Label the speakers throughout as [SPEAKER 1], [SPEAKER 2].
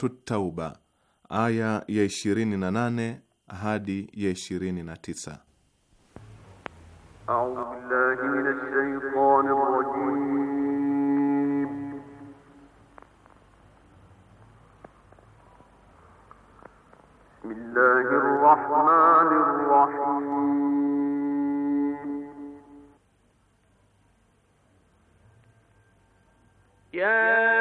[SPEAKER 1] Suratut Tauba aya ya ishirini 28 hadi ya ishirini na tisa
[SPEAKER 2] minash shaitanir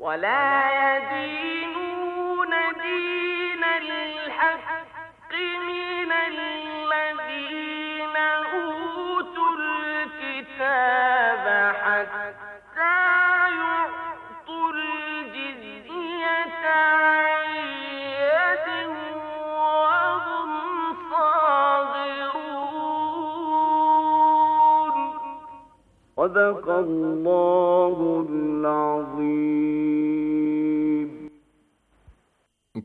[SPEAKER 2] ولا يدينون دين الحق من الذين أوتوا الكتاب حتى يعطوا الجزية
[SPEAKER 1] صاغرون
[SPEAKER 2] صدق الله العظيم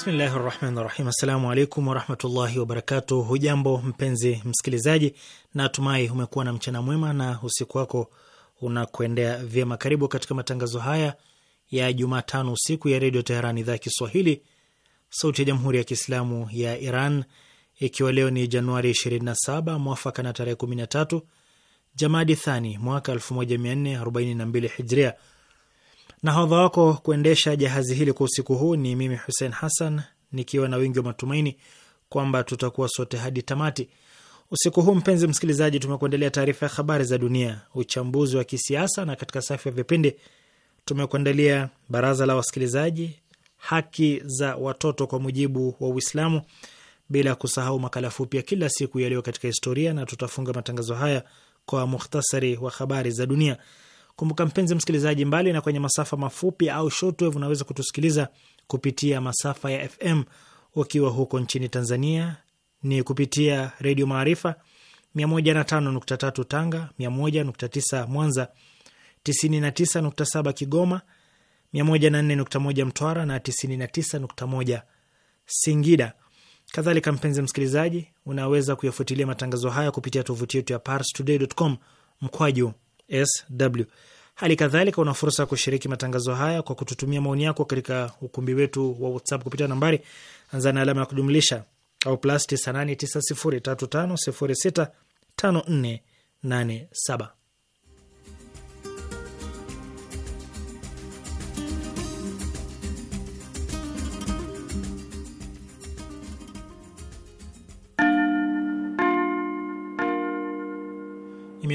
[SPEAKER 3] Bismillahi rahmani rahim. Assalamu alaikum warahmatullahi wabarakatu. Hujambo mpenzi msikilizaji, na tumai umekuwa na mchana mwema na usiku wako unakuendea vyema. Karibu katika matangazo haya ya Jumatano usiku ya Redio Teheran, idhaa ya Kiswahili, sauti ya Jamhuri ya Kiislamu ya Iran, ikiwa leo ni Januari 27 mwafaka na tarehe 13 Jamadi Thani mwaka 1442 Hijria. Nahodha wako kuendesha jahazi hili kwa usiku huu ni mimi Hussein Hassan, nikiwa na wingi wa matumaini kwamba tutakuwa sote hadi tamati usiku huu. Mpenzi msikilizaji, tumekuandalia taarifa ya habari za dunia, uchambuzi wa kisiasa, na katika safu ya vipindi tumekuandalia baraza la wasikilizaji, haki za watoto kwa mujibu wa Uislamu, bila kusahau makala fupi ya kila siku yaliyo katika historia, na tutafunga matangazo haya kwa muhtasari wa habari za dunia. Kumbuka mpenzi msikilizaji, mbali na kwenye masafa mafupi au shortwave, unaweza kutusikiliza kupitia masafa ya FM ukiwa huko nchini Tanzania ni kupitia Redio Maarifa 105.3 Tanga, 101.9 Mwanza, 99.7 Kigoma, 104.1 Mtwara na 99.1 Singida. Kadhalika mpenzi msikilizaji, unaweza kuyafuatilia matangazo haya kupitia tovuti yetu ya parstoday.com mkwaju sw. Hali kadhalika una fursa ya kushiriki matangazo haya kwa kututumia maoni yako katika ukumbi wetu wa WhatsApp kupitia nambari anza na alama ya kujumlisha au plus 989035065487.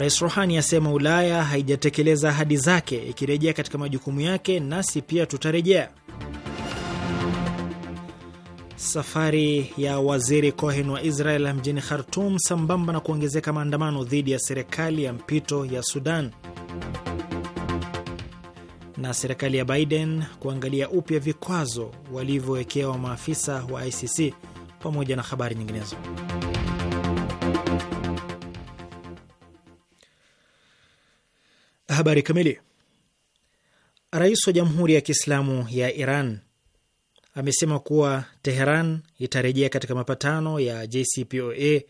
[SPEAKER 3] Rais Rohani asema Ulaya haijatekeleza ahadi zake, ikirejea katika majukumu yake, nasi pia tutarejea. Safari ya waziri Cohen wa Israel mjini Khartum sambamba na kuongezeka maandamano dhidi ya serikali ya mpito ya Sudan, na serikali ya Biden kuangalia upya vikwazo walivyowekewa maafisa wa ICC, pamoja na habari nyinginezo. Habari kamili. Rais wa Jamhuri ya Kiislamu ya Iran amesema kuwa Teheran itarejea katika mapatano ya JCPOA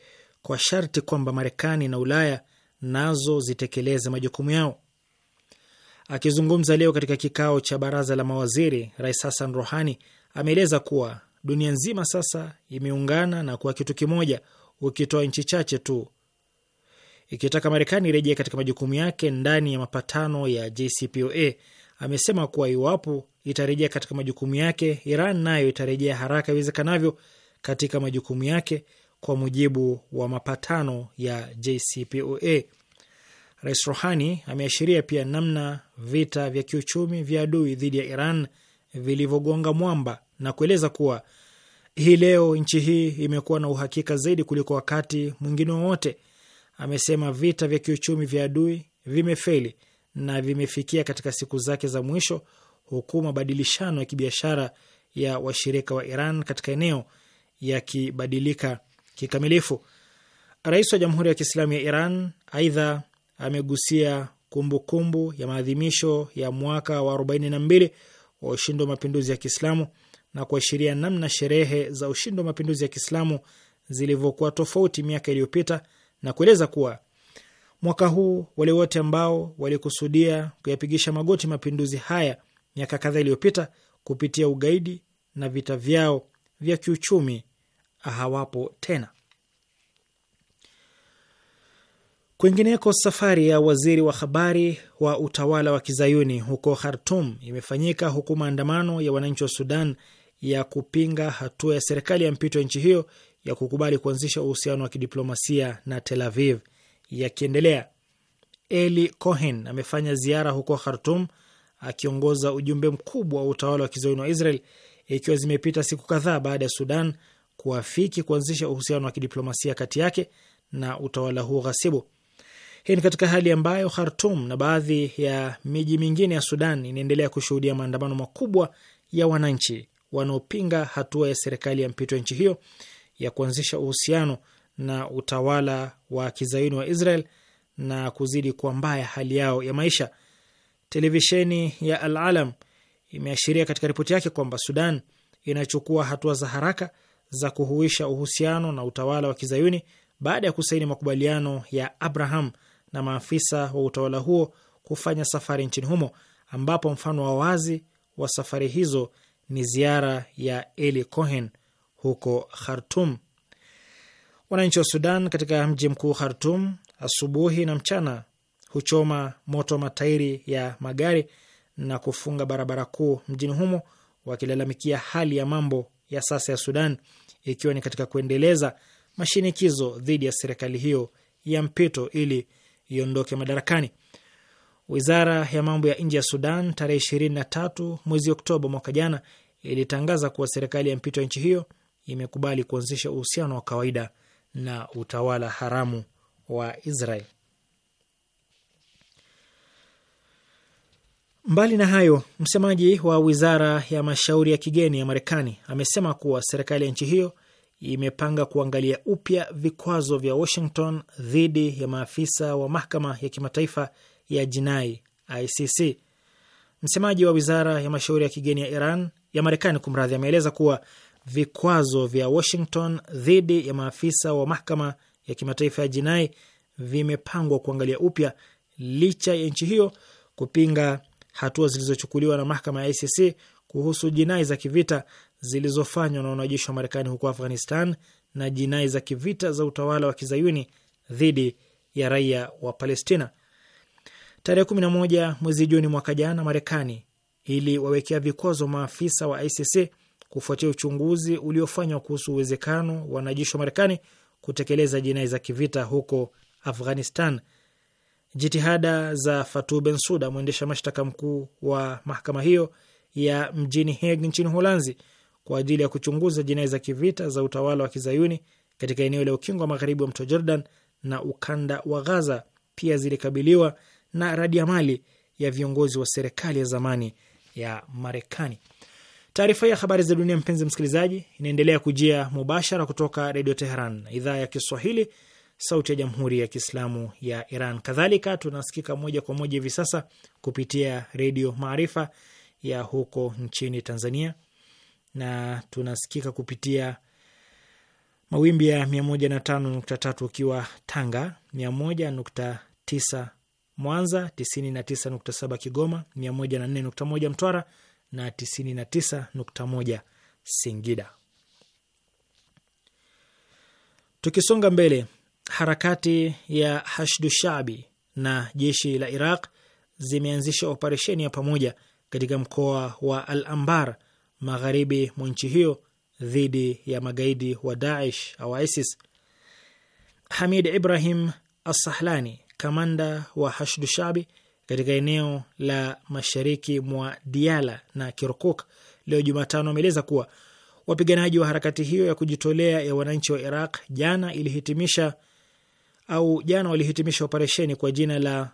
[SPEAKER 3] kwa sharti kwamba Marekani na Ulaya nazo zitekeleze majukumu yao. Akizungumza leo katika kikao cha baraza la mawaziri, Rais Hassan Rohani ameeleza kuwa dunia nzima sasa imeungana na kuwa kitu kimoja, ukitoa nchi chache tu ikitaka Marekani irejee katika majukumu yake ndani ya mapatano ya JCPOA. Amesema kuwa iwapo itarejea katika majukumu yake, Iran nayo itarejea haraka iwezekanavyo katika majukumu yake kwa mujibu wa mapatano ya JCPOA. Rais Rohani ameashiria pia namna vita vya kiuchumi vya adui dhidi ya Iran vilivyogonga mwamba na kueleza kuwa hii leo nchi hii imekuwa na uhakika zaidi kuliko wakati mwingine wowote wa amesema vita vya kiuchumi vya adui vimefeli na vimefikia katika siku zake za mwisho, huku mabadilishano ya kibiashara ya washirika wa Iran katika eneo yakibadilika kikamilifu. Rais wa Jamhuri ya Kiislamu ya Iran aidha amegusia kumbukumbu kumbu ya maadhimisho ya mwaka wa 42 wa ushindi wa mapinduzi ya Kiislamu na kuashiria namna sherehe za ushindi wa mapinduzi ya Kiislamu zilivyokuwa tofauti miaka iliyopita na kueleza kuwa mwaka huu wale wote ambao walikusudia kuyapigisha magoti mapinduzi haya miaka kadhaa iliyopita kupitia ugaidi na vita vyao vya kiuchumi hawapo tena. Kwingineko, safari ya waziri wa habari wa utawala wa kizayuni huko Khartum imefanyika huku maandamano ya wananchi wa Sudan ya kupinga hatua ya serikali ya mpito ya nchi hiyo ya kukubali kuanzisha uhusiano wa kidiplomasia na Tel Aviv yakiendelea, Eli Cohen amefanya ziara huko Khartum akiongoza ujumbe mkubwa wa utawala wa kizayuni wa Israel, ikiwa zimepita siku kadhaa baada ya Sudan kuafiki kuanzisha uhusiano wa kidiplomasia kati yake na utawala huo ghasibu. Hii ni katika hali ambayo Khartum na baadhi ya miji mingine ya Sudan inaendelea kushuhudia maandamano makubwa ya wananchi wanaopinga hatua ya serikali ya mpito ya nchi hiyo ya kuanzisha uhusiano na utawala wa kizayuni wa Israel na kuzidi kuwa mbaya hali yao ya maisha. Televisheni ya Al Alam imeashiria katika ripoti yake kwamba Sudan inachukua hatua za haraka za kuhuisha uhusiano na utawala wa kizayuni baada ya kusaini makubaliano ya Abraham na maafisa wa utawala huo kufanya safari nchini humo, ambapo mfano wa wazi wa safari hizo ni ziara ya Eli Cohen huko Khartum. Wananchi wa Sudan katika mji mkuu Khartum asubuhi na mchana huchoma moto matairi ya magari na kufunga barabara kuu mjini humo, wakilalamikia hali ya mambo ya sasa ya Sudan, ikiwa ni katika kuendeleza mashinikizo dhidi ya serikali hiyo ya mpito ili iondoke madarakani. Wizara ya mambo ya nje ya Sudan tarehe 23 mwezi Oktoba mwaka jana ilitangaza kuwa serikali ya mpito ya nchi hiyo imekubali kuanzisha uhusiano wa kawaida na utawala haramu wa Israel. Mbali na hayo, msemaji wa wizara ya mashauri ya kigeni ya Marekani amesema kuwa serikali ya nchi hiyo imepanga kuangalia upya vikwazo vya Washington dhidi ya maafisa wa mahakama ya kimataifa ya jinai ICC. Msemaji wa wizara ya mashauri ya kigeni ya Iran ya Marekani kumradhi, ameeleza kuwa vikwazo vya Washington dhidi ya maafisa wa mahakama ya kimataifa ya jinai vimepangwa kuangalia upya licha ya nchi hiyo kupinga hatua zilizochukuliwa na mahakama ya ICC kuhusu jinai za kivita zilizofanywa na wanajeshi wa Marekani huko Afghanistan na jinai za kivita za utawala wa kizayuni dhidi ya raia wa Palestina. Tarehe moja mwezi Juni mwaka jana, Marekani iliwawekea vikwazo maafisa wa ICC kufuatia uchunguzi uliofanywa kuhusu uwezekano wa wanajeshi wa Marekani kutekeleza jinai za kivita huko Afghanistan. Jitihada za Fatu Bensuda, mwendesha mashtaka mkuu wa mahakama hiyo ya mjini Hague nchini Holanzi, kwa ajili ya kuchunguza jinai za kivita za utawala wa kizayuni katika eneo la ukingo wa magharibi wa mto Jordan na ukanda wa Ghaza pia zilikabiliwa na radiamali ya viongozi wa serikali ya zamani ya Marekani. Taarifa ya habari za dunia, mpenzi msikilizaji, inaendelea kujia mubashara kutoka Redio Teheran, idhaa ya Kiswahili, sauti ya Jamhuri ya Kiislamu ya Iran. Kadhalika tunasikika moja kwa moja hivi sasa kupitia Redio Maarifa ya huko nchini Tanzania, na tunasikika kupitia mawimbi ya 105.3 ukiwa Tanga, 101.9 Mwanza, 99.7 Kigoma, 104.1 Mtwara na 99.1 Singida. Tukisonga mbele, harakati ya Hashdu Shabi na jeshi la Iraq zimeanzisha operesheni ya pamoja katika mkoa wa Al Ambar magharibi mwa nchi hiyo dhidi ya magaidi wa Daesh au ISIS. Hamid Ibrahim Assahlani, kamanda wa Hashdu Shabi, katika eneo la mashariki mwa Diala na Kirkuk leo Jumatano ameeleza kuwa wapiganaji wa harakati hiyo ya kujitolea ya wananchi wa Iraq jana ilihitimisha au jana walihitimisha operesheni kwa jina la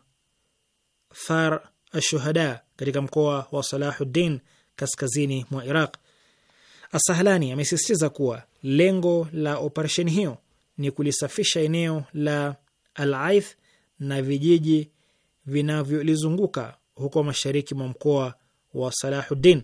[SPEAKER 3] Far Ashuhada katika mkoa wa Salahuddin kaskazini mwa Iraq. Asahlani amesisitiza kuwa lengo la operesheni hiyo ni kulisafisha eneo la Alaith na vijiji vinavyolizunguka huko mashariki mwa mkoa wa Salahuddin.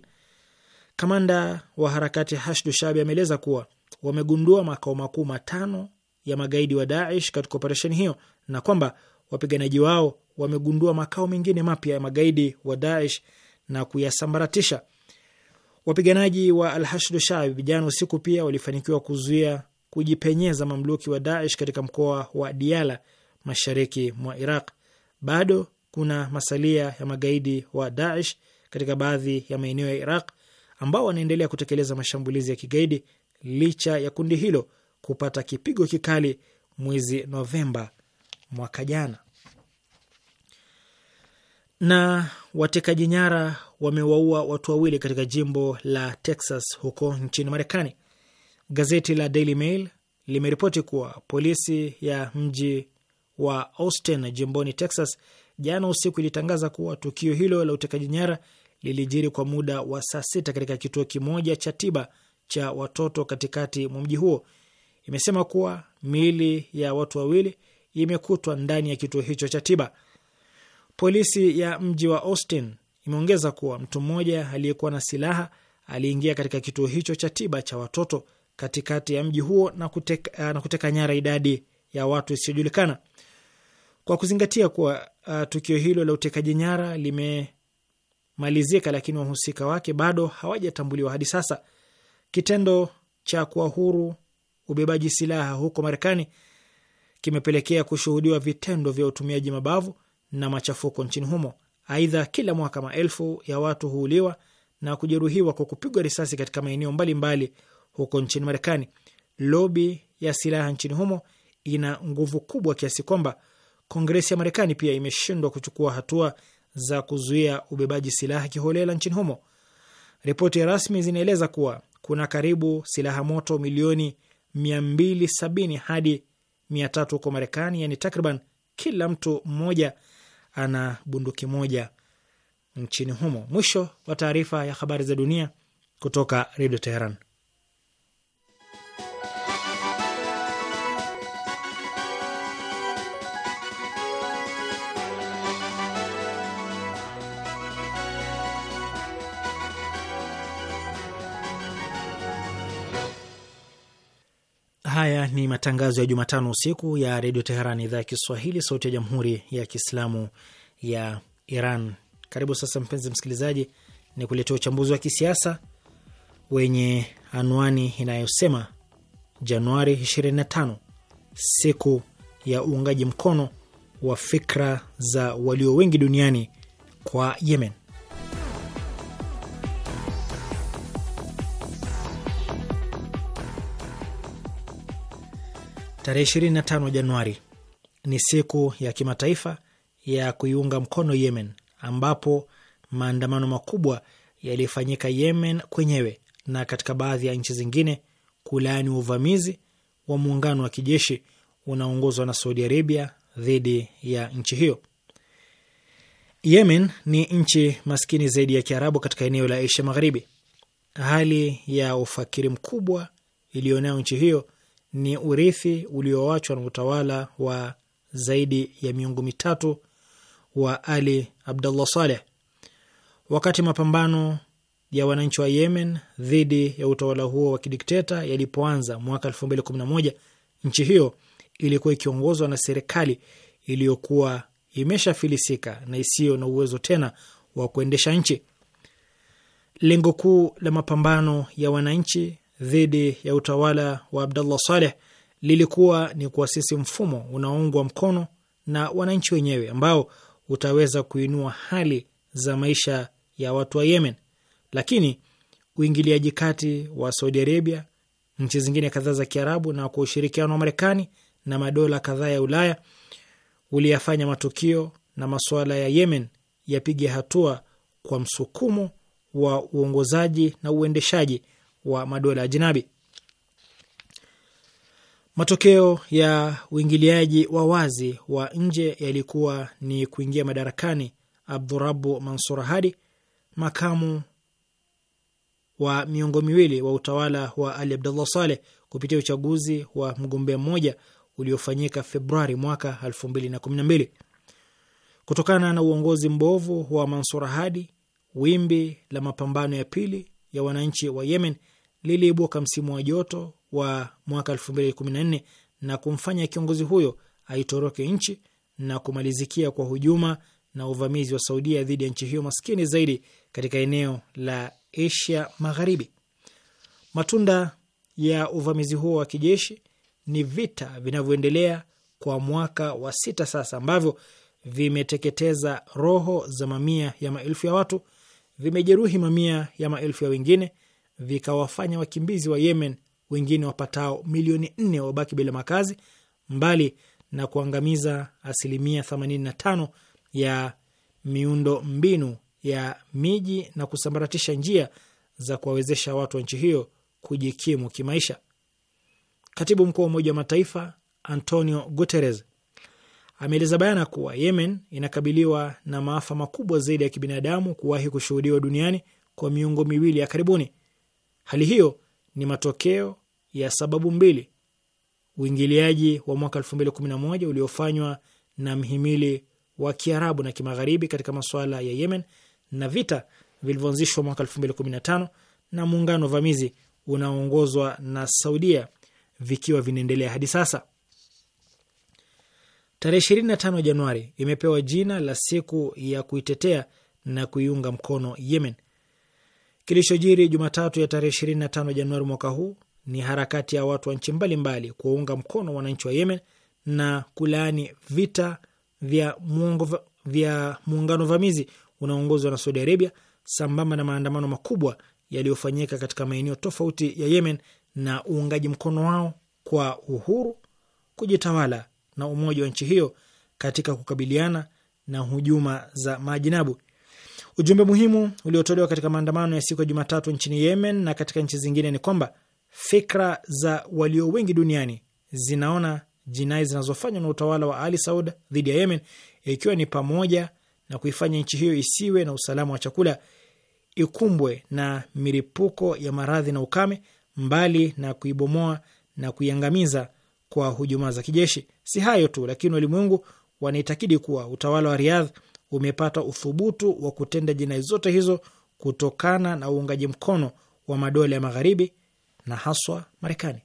[SPEAKER 3] Kamanda wa harakati Hashdu Shabi ameeleza kuwa wamegundua makao makuu matano ya magaidi wa Daesh katika operesheni hiyo na kwamba wapiganaji wao wamegundua makao mengine mapya ya magaidi wa Daesh na kuyasambaratisha. Wapiganaji wa Hashdu Shabi jana usiku pia walifanikiwa kuzuia kujipenyeza mamluki wa Daesh katika mkoa wa Diala mashariki mwa Iraq bado kuna masalia ya magaidi wa Daesh katika baadhi ya maeneo ya Iraq ambao wanaendelea kutekeleza mashambulizi ya kigaidi licha ya kundi hilo kupata kipigo kikali mwezi Novemba mwaka jana. Na watekaji nyara wamewaua watu wawili katika jimbo la Texas huko nchini Marekani. Gazeti la Daily Mail limeripoti kuwa polisi ya mji wa Austin jimboni Texas jana usiku ilitangaza kuwa tukio hilo la utekaji nyara lilijiri kwa muda wa saa sita katika kituo kimoja cha tiba cha watoto katikati mwa mji huo. Imesema kuwa miili ya watu wawili imekutwa ndani ya kituo hicho cha tiba. Polisi ya mji wa Austin imeongeza kuwa mtu mmoja aliyekuwa na silaha aliingia katika kituo hicho cha tiba cha watoto katikati ya mji huo na kuteka, na kuteka nyara idadi ya watu isiyojulikana. Kwa kuzingatia kuwa uh, tukio hilo la utekaji nyara limemalizika, lakini wahusika wake bado hawajatambuliwa hadi sasa. Kitendo cha kuwa huru ubebaji silaha huko Marekani kimepelekea kushuhudiwa vitendo vya utumiaji mabavu na machafuko nchini humo. Aidha, kila mwaka maelfu ya watu huuliwa na kujeruhiwa kwa kupigwa risasi katika maeneo mbalimbali huko nchini Marekani. Lobi ya silaha nchini humo ina nguvu kubwa kiasi kwamba Kongresi ya Marekani pia imeshindwa kuchukua hatua za kuzuia ubebaji silaha kiholela nchini humo. Ripoti rasmi zinaeleza kuwa kuna karibu silaha moto milioni 270 hadi 300 huko Marekani, yani takriban kila mtu mmoja ana bunduki moja nchini humo. Mwisho wa taarifa ya habari za dunia kutoka Redio Teheran. Haya ni matangazo ya Jumatano usiku ya redio Teheran, idhaa ya Kiswahili, sauti ya jamhuri ya kiislamu ya Iran. Karibu sasa, mpenzi msikilizaji, ni kuletea uchambuzi wa kisiasa wenye anwani inayosema Januari 25 siku ya uungaji mkono wa fikra za walio wengi duniani kwa Yemen. Tarehe 25 Januari ni siku ya kimataifa ya kuiunga mkono Yemen, ambapo maandamano makubwa yalifanyika Yemen kwenyewe na katika baadhi ya nchi zingine kulaani uvamizi wa muungano wa kijeshi unaoongozwa na Saudi Arabia dhidi ya nchi hiyo. Yemen ni nchi maskini zaidi ya Kiarabu katika eneo la Asia Magharibi. Hali ya ufakiri mkubwa iliyonayo nchi hiyo ni urithi ulioachwa na utawala wa zaidi ya miongo mitatu wa Ali Abdullah Saleh. Wakati mapambano ya wananchi wa Yemen dhidi ya utawala huo wa kidikteta yalipoanza mwaka 2011, nchi hiyo ilikuwa ikiongozwa na serikali iliyokuwa imeshafilisika na isiyo na uwezo tena wa kuendesha nchi. Lengo kuu la mapambano ya wananchi dhidi ya utawala wa Abdallah Saleh lilikuwa ni kuasisi mfumo unaoungwa mkono na wananchi wenyewe ambao utaweza kuinua hali za maisha ya watu wa Yemen, lakini uingiliaji kati wa Saudi Arabia, nchi zingine kadhaa za Kiarabu na kwa ushirikiano wa Marekani na madola kadhaa ya Ulaya uliyafanya matukio na masuala ya Yemen yapige hatua kwa msukumo wa uongozaji na uendeshaji wa madola jinabi Matokeo ya uingiliaji wa wazi wa nje yalikuwa ni kuingia madarakani Abdurabu Mansur Hadi, makamu wa miongo miwili wa utawala wa Ali Abdullah Saleh kupitia uchaguzi wa mgombea mmoja uliofanyika Februari mwaka elfu na kumi na mbili. Kutokana na uongozi mbovu wa Mansur Hadi, wimbi la mapambano ya pili ya wananchi wa Yemen liliibuka msimu wa joto wa mwaka 2014 na kumfanya kiongozi huyo aitoroke nchi na kumalizikia kwa hujuma na uvamizi wa Saudia dhidi ya nchi hiyo maskini zaidi katika eneo la Asia Magharibi. Matunda ya uvamizi huo wa kijeshi ni vita vinavyoendelea kwa mwaka wa sita sasa, ambavyo vimeteketeza roho za mamia ya maelfu ya watu, vimejeruhi mamia ya maelfu ya wengine vikawafanya wakimbizi wa Yemen wengine wapatao milioni nne wabaki bila makazi, mbali na kuangamiza asilimia 85 ya miundo mbinu ya miji na kusambaratisha njia za kuwawezesha watu wa nchi hiyo kujikimu kimaisha. Katibu mkuu wa Umoja wa Mataifa Antonio Guterres ameeleza bayana kuwa Yemen inakabiliwa na maafa makubwa zaidi ya kibinadamu kuwahi kushuhudiwa duniani kwa miongo miwili ya karibuni. Hali hiyo ni matokeo ya sababu mbili: uingiliaji wa mwaka 2011 uliofanywa na mhimili wa Kiarabu na Kimagharibi katika masuala ya Yemen na vita vilivyoanzishwa mwaka 2015 na muungano vamizi unaoongozwa na Saudia vikiwa vinaendelea hadi sasa. Tarehe 25 Januari imepewa jina la siku ya kuitetea na kuiunga mkono Yemen. Kilichojiri Jumatatu ya tarehe 25 Januari mwaka huu ni harakati ya watu wa nchi mbalimbali kuwaunga mkono wananchi wa Yemen na kulaani vita vya muongo vya muungano vamizi unaoongozwa na Saudi Arabia, sambamba na maandamano makubwa yaliyofanyika katika maeneo tofauti ya Yemen na uungaji mkono wao kwa uhuru, kujitawala na umoja wa nchi hiyo katika kukabiliana na hujuma za maajinabu. Ujumbe muhimu uliotolewa katika maandamano ya siku ya Jumatatu nchini Yemen na katika nchi zingine ni kwamba fikra za walio wengi duniani zinaona jinai zinazofanywa na utawala wa Ali Saud dhidi ya Yemen, ikiwa ni pamoja na kuifanya nchi hiyo isiwe na usalama wa chakula, ikumbwe na milipuko ya maradhi na ukame, mbali na kuibomoa na kuiangamiza kwa hujuma za kijeshi. Si hayo tu, lakini walimwengu wanaitakidi kuwa utawala wa riadh umepata uthubutu wa kutenda jinai zote hizo kutokana na uungaji mkono wa madola ya Magharibi na haswa Marekani.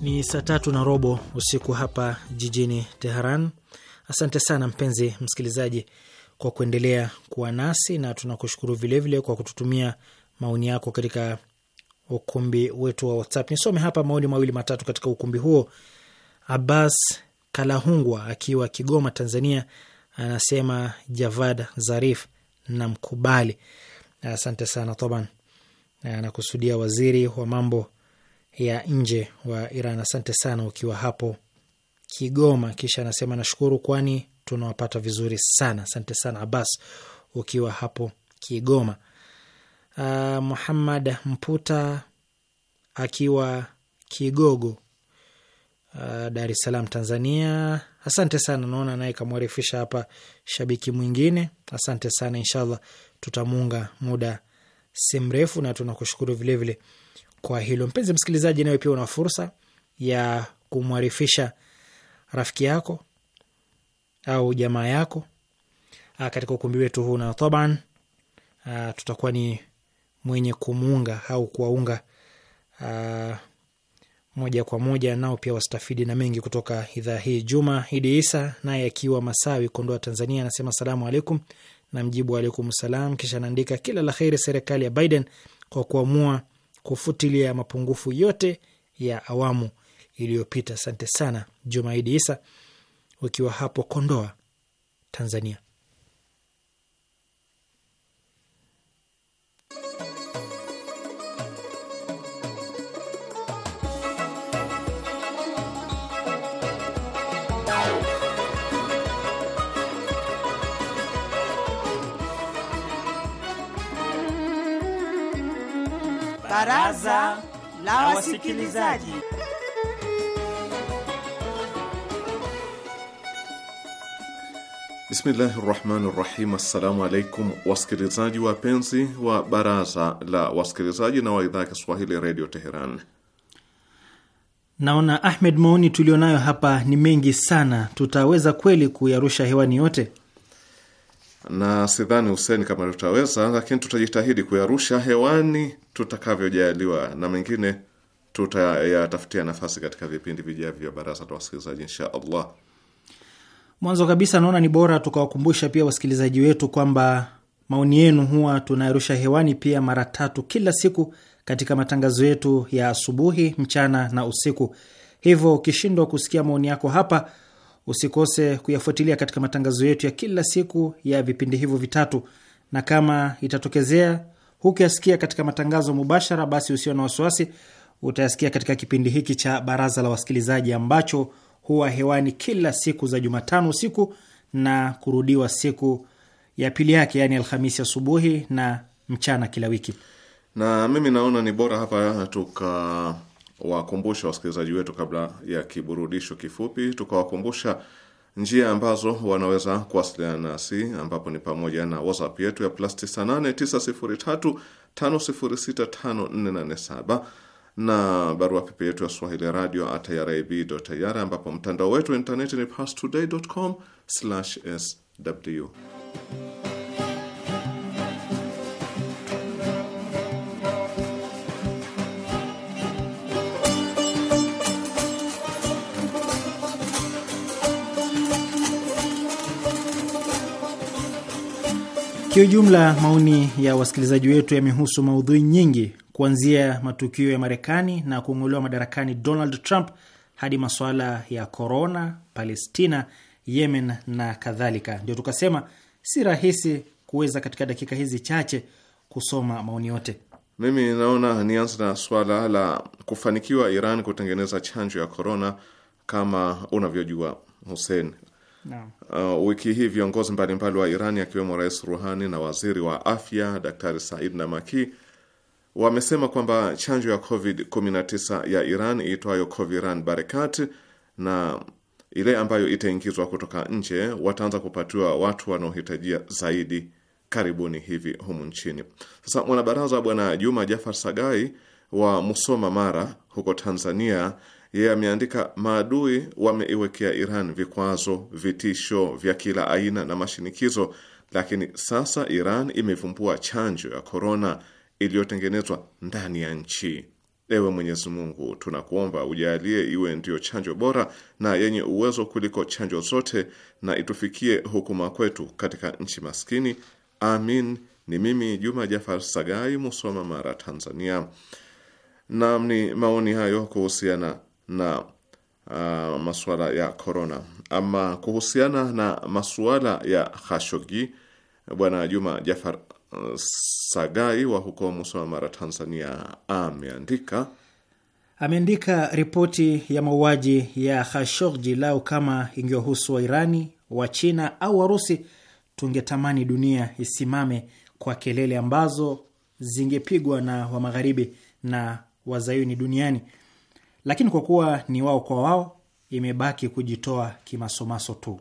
[SPEAKER 3] Ni saa tatu na robo usiku hapa jijini Teheran. Asante sana mpenzi msikilizaji kwa kuendelea kuwa nasi na tunakushukuru vilevile kwa kututumia maoni yako katika ukumbi wetu wa WhatsApp. Nisome hapa maoni mawili matatu katika ukumbi huo. Abbas Kalahungwa akiwa Kigoma, Tanzania, anasema Javad Zarif na mkubali Asante sana Toban, anakusudia waziri wa mambo ya nje wa Iran. Asante sana ukiwa hapo Kigoma. Kisha anasema nashukuru, kwani tunawapata vizuri sana. Asante sana Abbas, ukiwa hapo Kigoma. Uh, Muhammad Mputa akiwa Kigogo, uh, Dar es Salaam, Tanzania. Asante sana, naona naye kamwarifisha hapa shabiki mwingine. Asante sana, inshallah tutamuunga muda si mrefu, na tunakushukuru vilevile kwa hilo. Mpenzi msikilizaji, nawe pia una fursa ya kumwarifisha rafiki yako au jamaa yako ah, katika ukumbi wetu huu, na taban ah, tutakuwa ni mwenye kumuunga au kuwaunga ah, moja kwa moja, nao pia wastafidi na mengi kutoka idhaa hii. Juma Idi Isa naye akiwa Masawi, Kondoa, Tanzania, anasema salamu alaikum, na mjibu alaikum salam, kisha anaandika kila la kheri serikali ya Biden kwa kuamua kufutilia mapungufu yote ya awamu iliyopita. Asante sana Juma Idi Isa ukiwa hapo Kondoa, Tanzania. Baraza la Wasikilizaji.
[SPEAKER 1] Bismillahi rahmani rahim. Assalamu alaikum wasikilizaji wapenzi wa baraza la wasikilizaji na wa idhaa ya Kiswahili redio Teheran.
[SPEAKER 3] Naona Ahmed, maoni tulionayo hapa ni mengi sana, tutaweza kweli kuyarusha hewani yote?
[SPEAKER 1] Na sidhani Huseni kama tutaweza, lakini tutajitahidi kuyarusha hewani tutakavyojaliwa, na mengine tutayatafutia nafasi katika vipindi vijavyo vya baraza la wasikilizaji insha Allah.
[SPEAKER 3] Mwanzo kabisa, naona ni bora tukawakumbusha pia wasikilizaji wetu kwamba maoni yenu huwa tunayarusha hewani pia mara tatu kila siku katika matangazo yetu ya asubuhi, mchana na usiku. Hivyo ukishindwa kusikia maoni yako hapa, usikose kuyafuatilia katika matangazo yetu ya kila siku ya vipindi hivyo vitatu, na kama itatokezea hukuyasikia katika matangazo mubashara, basi usio na wasiwasi, utayasikia katika kipindi hiki cha Baraza la Wasikilizaji ambacho huwa hewani kila siku za Jumatano usiku na kurudiwa siku ya pili yake, yaani Alhamisi asubuhi ya na mchana kila wiki.
[SPEAKER 1] Na mimi naona ni bora hapa tukawakumbusha wasikilizaji wetu, kabla ya kiburudisho kifupi, tukawakumbusha njia ambazo wanaweza kuwasiliana nasi, ambapo ni pamoja na WhatsApp yetu ya plus 989035065487 na barua pepe yetu ya swahili radio at ambapo mtandao wetu wa intaneti ni pastoday.com sw
[SPEAKER 3] Kiujumla, maoni ya wasikilizaji wetu yamehusu maudhui nyingi kuanzia matukio ya Marekani na kuong'olewa madarakani Donald Trump hadi masuala ya korona, Palestina, Yemen na kadhalika. Ndio tukasema si rahisi kuweza katika dakika hizi chache kusoma maoni yote.
[SPEAKER 1] Mimi naona nianze na swala la kufanikiwa Iran kutengeneza chanjo ya korona. Kama unavyojua Hussein, no. Uh, wiki hii viongozi mbalimbali wa Iran akiwemo Rais Ruhani na waziri wa afya Daktari Said Namaki wamesema kwamba chanjo ya COVID-19 ya Iran iitwayo Coviran Barekat na ile ambayo itaingizwa kutoka nje wataanza kupatiwa watu wanaohitajia zaidi karibuni hivi humu nchini. Sasa mwanabaraza Bwana Juma Jafar Sagai wa Musoma, Mara huko Tanzania, yeye ameandika, maadui wameiwekea Iran vikwazo, vitisho vya kila aina na mashinikizo, lakini sasa Iran imevumbua chanjo ya korona iliyotengenezwa ndani ya nchi. Ewe Mwenyezi Mungu, tunakuomba ujalie iwe ndiyo chanjo bora na yenye uwezo kuliko chanjo zote, na itufikie hukuma kwetu katika nchi maskini. Amin. Ni mimi Juma Jafar Sagai, Musoma, Mara, Tanzania. Naam, ni maoni hayo kuhusiana na uh, ah, masuala ya korona. Ama kuhusiana na masuala ya hashogi Bwana Juma Jafar Sagai wa huko Musoma, Mara, Tanzania ameandika
[SPEAKER 3] ameandika ripoti ya mauaji ya Khashoggi, lao kama Irani, Wairani, china au Warusi, tungetamani dunia isimame kwa kelele ambazo zingepigwa na wa Magharibi na Wazayuni duniani, lakini kwa kuwa ni wao kwa wao, imebaki kujitoa kimasomaso tu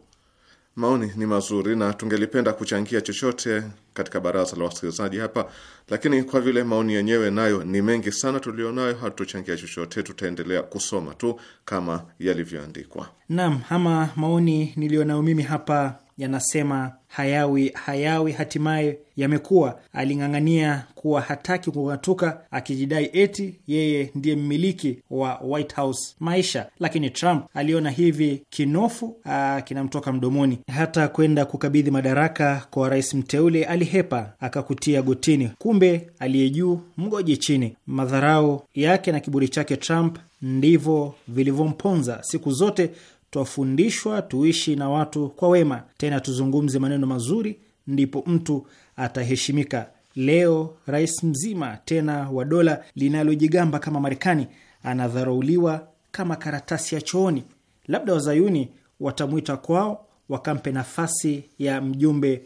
[SPEAKER 1] maoni ni mazuri na tungelipenda kuchangia chochote katika baraza la wasikilizaji hapa, lakini kwa vile maoni yenyewe nayo ni mengi sana tulionayo, hatutochangia chochote, tutaendelea kusoma tu kama yalivyoandikwa.
[SPEAKER 3] Naam, ama maoni niliyonayo mimi hapa yanasema hayawi hayawi, hatimaye yamekuwa. Aling'ang'ania kuwa hataki kung'atuka, akijidai eti yeye ndiye mmiliki wa White House maisha, lakini Trump aliona hivi kinofu ah, kinamtoka mdomoni. Hata kwenda kukabidhi madaraka kwa rais mteule alihepa, akakutia gotini, kumbe aliye juu mgoji chini. Madharau yake na kiburi chake Trump ndivyo vilivyomponza siku zote twafundishwa tuishi na watu kwa wema, tena tuzungumze maneno mazuri, ndipo mtu ataheshimika. Leo rais mzima tena wa dola linalojigamba kama Marekani anadharauliwa kama karatasi ya chooni. Labda wazayuni watamwita kwao wakampe nafasi ya mjumbe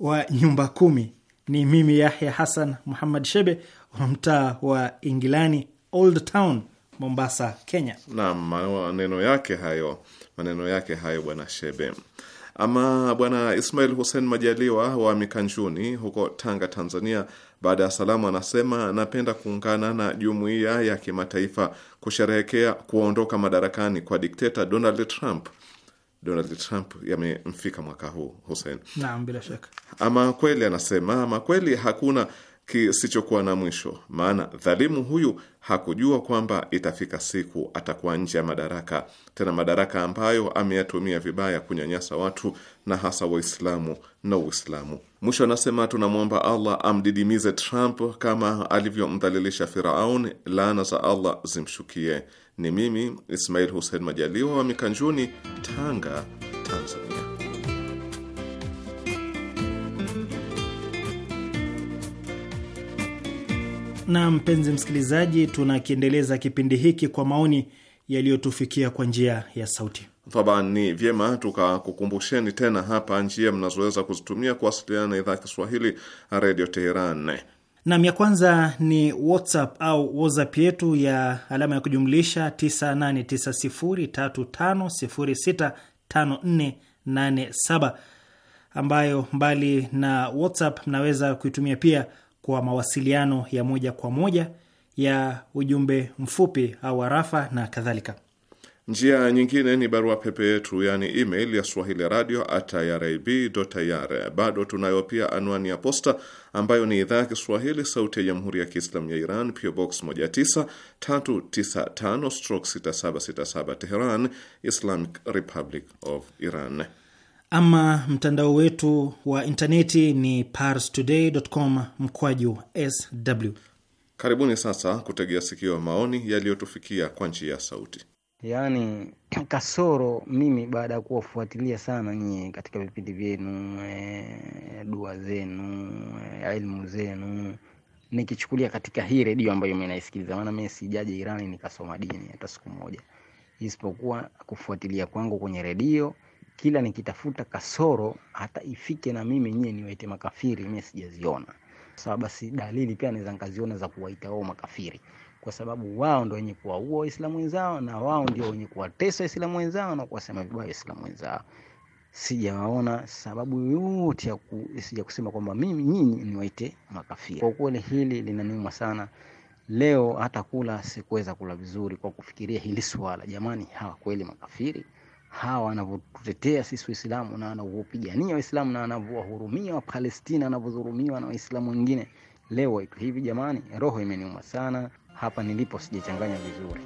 [SPEAKER 3] wa nyumba kumi. Ni mimi Yahya Hassan Muhammad Shebe wa mtaa wa Ingilani, Old Town, Mombasa, Kenya.
[SPEAKER 1] Naam, maneno yake hayo Maneno yake hayo bwana Shebe. Ama bwana Ismail Hussein Majaliwa wa Mikanjuni huko Tanga, Tanzania, baada ya salamu, anasema napenda kuungana na jumuiya ya kimataifa kusherehekea kuondoka madarakani kwa dikteta Donald Trump. Donald Trump yamemfika mwaka huu Hussein.
[SPEAKER 3] Naam, bila shaka.
[SPEAKER 1] Ama kweli anasema, ama kweli hakuna kisichokuwa na mwisho, maana dhalimu huyu hakujua kwamba itafika siku atakuwa nje ya madaraka, tena madaraka ambayo ameyatumia vibaya kunyanyasa watu na hasa Waislamu na Uislamu. Mwisho anasema tunamwomba Allah amdidimize Trump kama alivyomdhalilisha Firaun, laana za Allah zimshukie. Ni mimi Ismail Hussein Majaliwa wa Mikanjuni, Tanga, Tanzania.
[SPEAKER 3] Na mpenzi msikilizaji, tunakiendeleza kipindi hiki kwa maoni yaliyotufikia kwa njia ya sauti.
[SPEAKER 1] Taban, ni vyema tukakukumbusheni tena hapa njia mnazoweza kuzitumia kuwasiliana na idhaa Kiswahili Redio Teheran.
[SPEAKER 3] Nam, ya kwanza ni WhatsApp au WhatsApp yetu ya alama ya kujumlisha 989035065487, ambayo mbali na WhatsApp mnaweza kuitumia pia kwa mawasiliano ya moja kwa moja ya ujumbe mfupi au arafa na kadhalika.
[SPEAKER 1] Njia nyingine ni barua pepe yetu, yaani email ya swahili radio at irib.ir. Bado tunayo pia anwani ya posta ambayo ni idhaa ya Kiswahili, sauti ya jamhuri ya kiislamu ya Iran, PO Box 19395 stroke 6767 Teheran, Islamic Republic of Iran.
[SPEAKER 3] Ama mtandao wetu wa intaneti ni parstoday.com mkwaju
[SPEAKER 1] sw. Karibuni sasa kutegea sikio maoni yaliyotufikia kwa njia ya sauti.
[SPEAKER 3] Yaani kasoro
[SPEAKER 4] mimi baada ya kuwafuatilia sana nyie katika vipindi vyenu e, dua zenu e, ilmu zenu nikichukulia katika hii redio ambayo mi naisikiliza, maana mi sijaje Irani nikasoma dini hata siku moja, isipokuwa kufuatilia kwangu kwenye redio kila nikitafuta kasoro hata ifike na mimi nyie niwaite makafiri, mimi sijaziona. Sasa basi dalili pia naweza nikaziona za kuwaita wao makafiri, kwa sababu wao ndio wenye kuwaua Waislamu wenzao na wao ndio wenye kuwatesa Waislamu wenzao na kuwasema vibaya Waislamu wenzao. Sijawaona sababu yoyote ya ku, sija kusema kwamba mimi nyinyi niwaite makafiri. Kwa kweli hili linaniuma sana. Leo hata kula sikuweza kula vizuri kwa kufikiria hili swala. Jamani, hawa kweli makafiri? hawa wanavyotutetea sisi Waislamu na wanavyopigania Waislamu na wanavyowahurumia Wapalestina wanavyodhulumiwa na Waislamu wengine leo hivi. Jamani, roho imeniuma sana hapa nilipo, sijachanganya vizuri.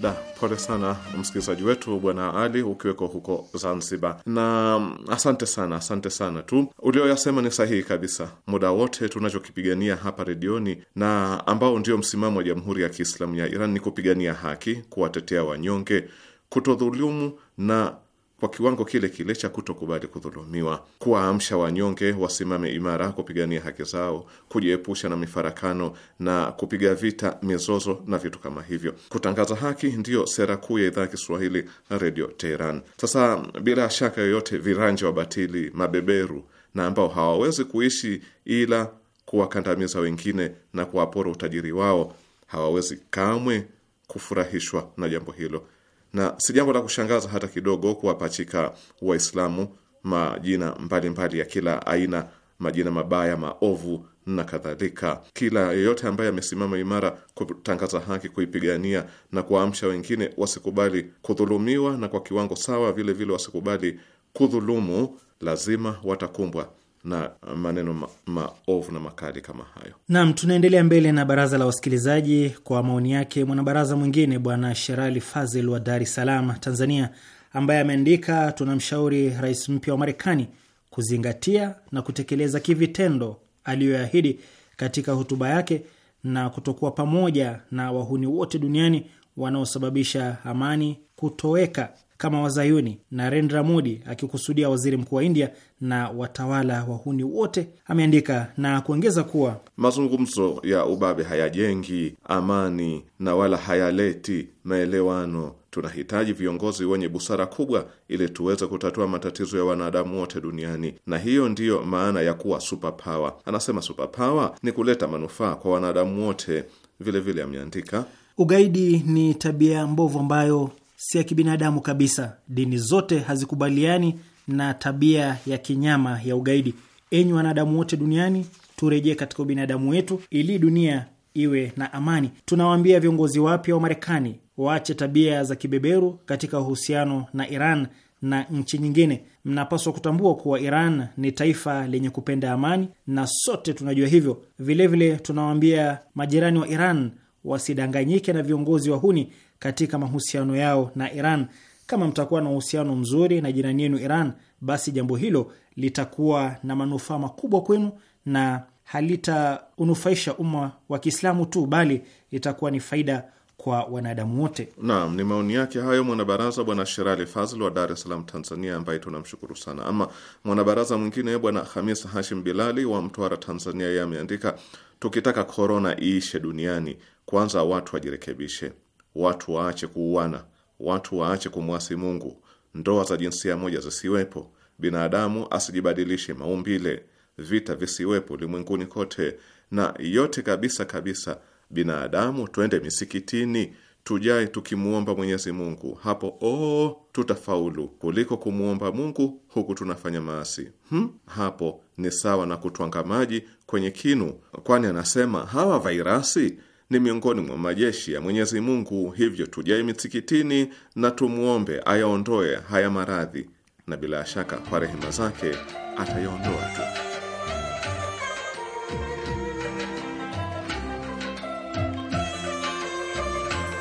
[SPEAKER 1] Da, pole sana msikilizaji wetu Bwana Ali, ukiweko huko Zanzibar, na asante sana, asante sana tu. Ulioyasema ni sahihi kabisa. Muda wote tunachokipigania hapa redioni na ambao ndio msimamo wa Jamhuri ya Kiislamu ya Iran ni kupigania haki, kuwatetea wanyonge, kutodhulumu na kwa kiwango kile kile cha kutokubali kudhulumiwa, kuwaamsha wanyonge wasimame imara kupigania haki zao, kujiepusha na mifarakano na kupiga vita mizozo na vitu kama hivyo. Kutangaza haki ndiyo sera kuu ya idhaa ya Kiswahili Redio Teheran. Sasa bila shaka yoyote, viranja wa batili, mabeberu na ambao hawawezi kuishi ila kuwakandamiza wengine na kuwapora utajiri wao hawawezi kamwe kufurahishwa na jambo hilo na si jambo la kushangaza hata kidogo kuwapachika Waislamu majina mbalimbali mbali ya kila aina, majina mabaya, maovu na kadhalika. Kila yeyote ambaye amesimama imara kutangaza haki, kuipigania na kuwaamsha wengine wasikubali kudhulumiwa, na kwa kiwango sawa vile vile wasikubali kudhulumu, lazima watakumbwa na maneno ma maovu na makali kama hayo.
[SPEAKER 3] Naam, tunaendelea mbele na baraza la wasikilizaji kwa maoni yake mwanabaraza mwingine Bwana Sherali Fazil wa Dar es Salaam, Tanzania, ambaye ameandika, tunamshauri rais mpya wa Marekani kuzingatia na kutekeleza kivitendo aliyoahidi katika hotuba yake na kutokuwa pamoja na wahuni wote duniani wanaosababisha amani kutoweka kama Wazayuni. Narendra Modi akikusudia waziri mkuu wa India na watawala wahuni wote, ameandika na kuongeza kuwa
[SPEAKER 1] mazungumzo ya ubabe hayajengi amani na wala hayaleti maelewano. Tunahitaji viongozi wenye busara kubwa ili tuweze kutatua matatizo ya wanadamu wote duniani, na hiyo ndiyo maana ya kuwa superpower. Anasema superpower ni kuleta manufaa kwa wanadamu wote. Vilevile ameandika
[SPEAKER 3] ugaidi ni tabia mbovu ambayo si ya kibinadamu kabisa. Dini zote hazikubaliani na tabia ya kinyama ya ugaidi. Enyi wanadamu wote duniani, turejee katika ubinadamu wetu ili dunia iwe na amani. Tunawaambia viongozi wapya wa Marekani waache tabia za kibeberu katika uhusiano na Iran na nchi nyingine. Mnapaswa kutambua kuwa Iran ni taifa lenye kupenda amani na sote tunajua hivyo. Vilevile tunawaambia majirani wa Iran wasidanganyike na viongozi wahuni katika mahusiano yao na Iran. Kama mtakuwa na uhusiano mzuri na jirani yenu Iran, basi jambo hilo litakuwa na manufaa makubwa kwenu na halitaunufaisha umma wa Kiislamu tu, bali itakuwa ni faida kwa wanadamu wote.
[SPEAKER 1] Naam, ni maoni yake hayo mwanabaraza Bwana Sherali Fazl wa Dar es Salaam, Tanzania, ambaye tunamshukuru sana. Ama mwanabaraza mwingine Bwana Hamis Hashim Bilali wa Mtwara, Tanzania, yeye ameandika, tukitaka korona iishe duniani, kwanza watu wajirekebishe watu waache kuuana, watu waache kumwasi Mungu, ndoa za jinsia moja zisiwepo, binadamu asijibadilishe maumbile, vita visiwepo ulimwenguni kote, na yote kabisa kabisa, binadamu twende misikitini tujae tukimwomba Mwenyezi Mungu, hapo oh, tutafaulu kuliko kumwomba Mungu huku tunafanya maasi hmm? Hapo ni sawa na kutwanga maji kwenye kinu, kwani anasema hawa vairasi ni miongoni mwa majeshi ya Mwenyezi Mungu, hivyo tujae misikitini na tumwombe ayaondoe haya maradhi, na bila shaka kwa rehema zake atayaondoa tu.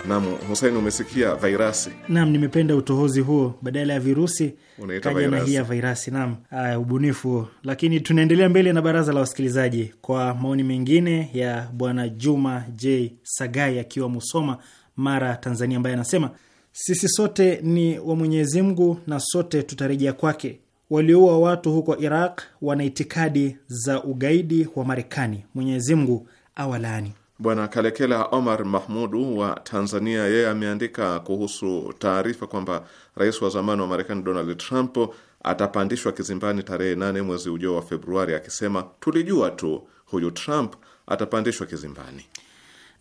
[SPEAKER 1] Nam Husein, umesikia vairasi?
[SPEAKER 3] Nam, nimependa utohozi huo, badala ya virusi
[SPEAKER 1] kaja na hii ya
[SPEAKER 3] vairasi. Nam, aya, ubunifu huo. Lakini tunaendelea mbele na baraza la wasikilizaji kwa maoni mengine ya bwana Juma J Sagai akiwa Musoma, Mara, Tanzania, ambaye anasema sisi sote ni wa Mwenyezi Mungu na sote tutarejea kwake. Walioua watu huko Iraq wana itikadi za ugaidi wa Marekani. Mwenyezi Mungu awalaani.
[SPEAKER 1] Bwana Kalekela Omar Mahmudu wa Tanzania, yeye ameandika kuhusu taarifa kwamba rais wa zamani wa Marekani Donald Trump atapandishwa kizimbani tarehe nane mwezi ujao wa Februari, akisema tulijua tu huyu Trump atapandishwa kizimbani.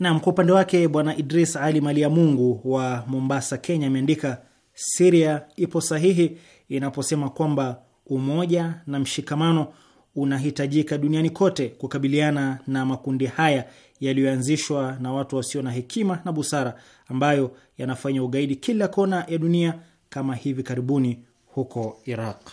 [SPEAKER 3] Naam, kwa upande wake Bwana Idris Ali mungu wa Mombasa, Kenya, ameandika Siria ipo sahihi inaposema kwamba umoja na mshikamano unahitajika duniani kote kukabiliana na makundi haya yaliyoanzishwa na watu wasio na hekima na busara, ambayo yanafanya ugaidi kila kona ya dunia kama hivi karibuni huko
[SPEAKER 1] Iraq.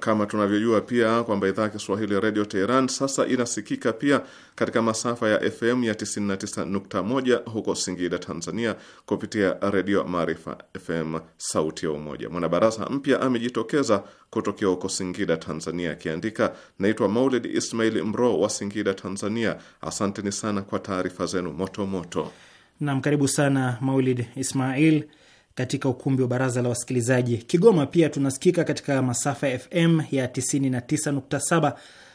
[SPEAKER 1] Kama tunavyojua pia kwamba idhaa ya Kiswahili Redio Teheran sasa inasikika pia katika masafa ya FM ya 99.1 huko Singida, Tanzania, kupitia Redio Maarifa FM, sauti ya Umoja. Mwanabaraza mpya amejitokeza kutokea huko Singida, Tanzania, akiandika naitwa Maulid Ismail Mro wa Singida, Tanzania. Asanteni sana kwa taarifa zenu motomoto.
[SPEAKER 3] Nam, karibu sana Maulid Ismail katika ukumbi wa baraza la wasikilizaji. Kigoma pia tunasikika katika masafa ya FM ya 99.7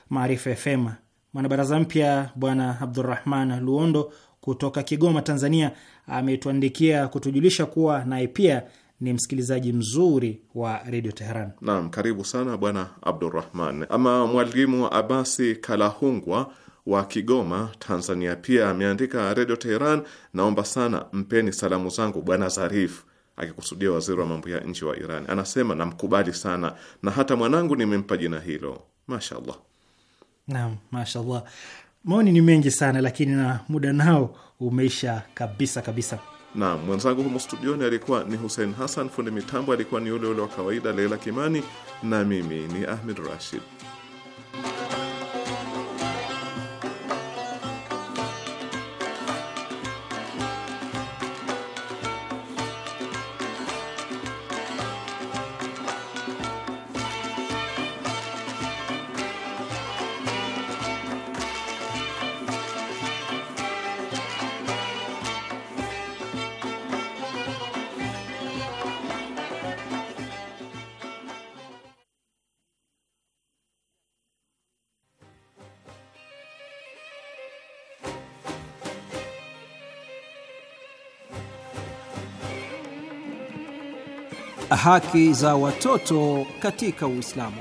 [SPEAKER 3] Maarifa FM. Mwanabaraza mpya Bwana Abdurrahman Luondo kutoka Kigoma, Tanzania, ametuandikia kutujulisha kuwa naye pia ni msikilizaji mzuri wa redio Teheran.
[SPEAKER 1] Naam, karibu sana Bwana Abdurrahman. Ama Mwalimu Abasi Kalahungwa wa Kigoma, Tanzania, pia ameandika redio Teheran, naomba sana mpeni salamu zangu bwana Zarifu akikusudia waziri wa mambo ya nje wa Iran. Anasema namkubali sana na hata mwanangu nimempa jina hilo. Mashallah.
[SPEAKER 3] Naam, mashallah. Maoni ni mengi sana lakini na muda nao umeisha kabisa kabisa.
[SPEAKER 1] Naam, mwenzangu humo studioni alikuwa ni Hussein Hassan, fundi mitambo alikuwa ni yule ule wa kawaida Leila Kimani, na mimi ni Ahmed Rashid.
[SPEAKER 3] Haki za watoto katika Uislamu.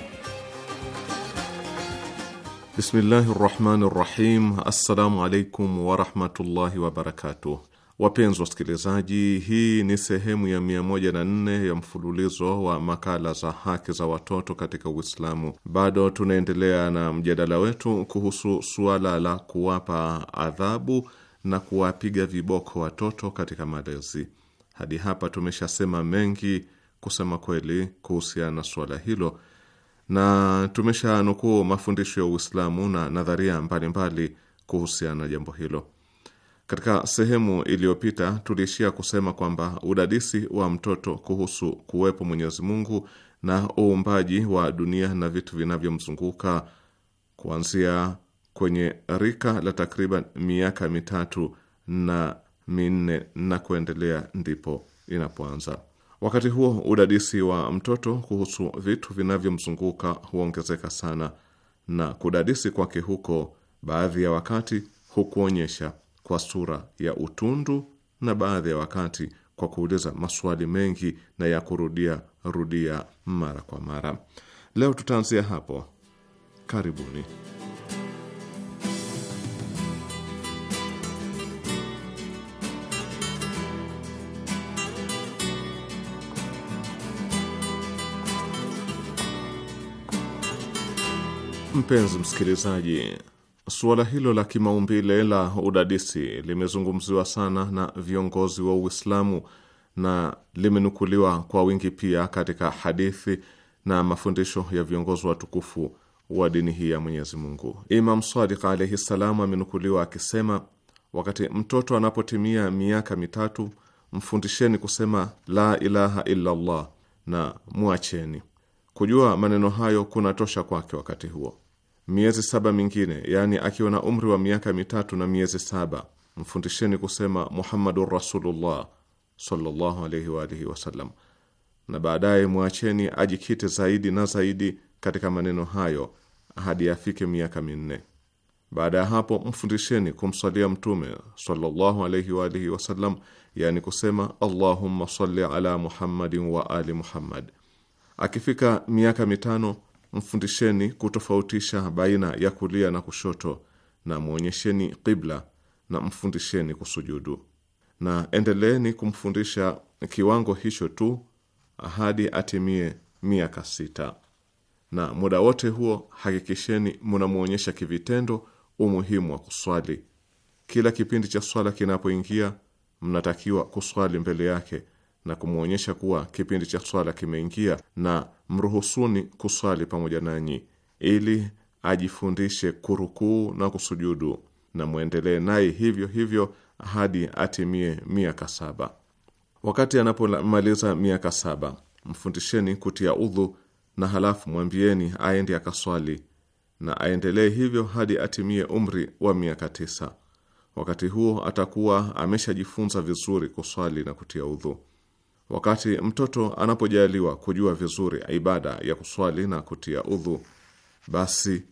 [SPEAKER 1] Bismillahi rahmani rahim. Assalamu alaikum warahmatullahi wabarakatuh. Wapenzi wasikilizaji, hii ni sehemu ya 104 ya mfululizo wa makala za haki za watoto katika Uislamu. Bado tunaendelea na mjadala wetu kuhusu suala la kuwapa adhabu na kuwapiga viboko watoto katika malezi. Hadi hapa tumeshasema mengi kusema kweli kuhusiana na suala hilo, na tumeshanukuu mafundisho ya Uislamu na nadharia mbalimbali kuhusiana na jambo hilo. Katika sehemu iliyopita tuliishia kusema kwamba udadisi wa mtoto kuhusu kuwepo Mwenyezi Mungu na uumbaji wa dunia na vitu vinavyomzunguka kuanzia kwenye rika la takriban miaka mitatu na minne na kuendelea ndipo inapoanza. Wakati huo udadisi wa mtoto kuhusu vitu vinavyomzunguka huongezeka sana, na kudadisi kwake huko baadhi ya wakati hukuonyesha kwa sura ya utundu, na baadhi ya wakati kwa kuuliza maswali mengi na ya kurudia rudia mara kwa mara. Leo tutaanzia hapo. Karibuni. Mpenzi msikilizaji, suala hilo la kimaumbile la udadisi limezungumziwa sana na viongozi wa Uislamu na limenukuliwa kwa wingi pia katika hadithi na mafundisho ya viongozi watukufu wa dini hii ya Mwenyezi Mungu. Imam Sadiq alaihi ssalam amenukuliwa akisema, wakati mtoto anapotimia miaka mitatu, mfundisheni kusema la ilaha illallah na mwacheni. Kujua maneno hayo kunatosha kwake wakati huo miezi saba mingine, yaani akiwa na umri wa miaka mitatu na miezi saba, mfundisheni kusema muhammadu Rasulullah sallallahu alaihi wa alihi wasallam, na baadaye mwacheni ajikite zaidi na zaidi katika maneno hayo hadi afike miaka minne. Baada ya hapo mfundisheni kumswalia Mtume sallallahu alaihi wa alihi wasallam, yaani kusema Allahumma salli ala Muhammadin wa ali Muhammad. Akifika miaka mitano mfundisheni kutofautisha baina ya kulia na kushoto, na mwonyesheni qibla na mfundisheni kusujudu, na endeleeni kumfundisha kiwango hicho tu hadi atimie miaka sita, na muda wote huo hakikisheni munamwonyesha kivitendo umuhimu wa kuswali. Kila kipindi cha swala kinapoingia, mnatakiwa kuswali mbele yake na kumwonyesha kuwa kipindi cha swala kimeingia na mruhusuni kuswali pamoja nanyi ili ajifundishe kurukuu na kusujudu, na mwendelee naye hivyo hivyo hadi atimie miaka saba. Wakati anapomaliza miaka saba, mfundisheni kutia udhu na halafu mwambieni aende akaswali na aendelee hivyo hadi atimie umri wa miaka tisa. Wakati huo atakuwa ameshajifunza vizuri kuswali na kutia udhu. Wakati mtoto anapojaliwa kujua vizuri ibada ya kuswali na kutia udhu, basi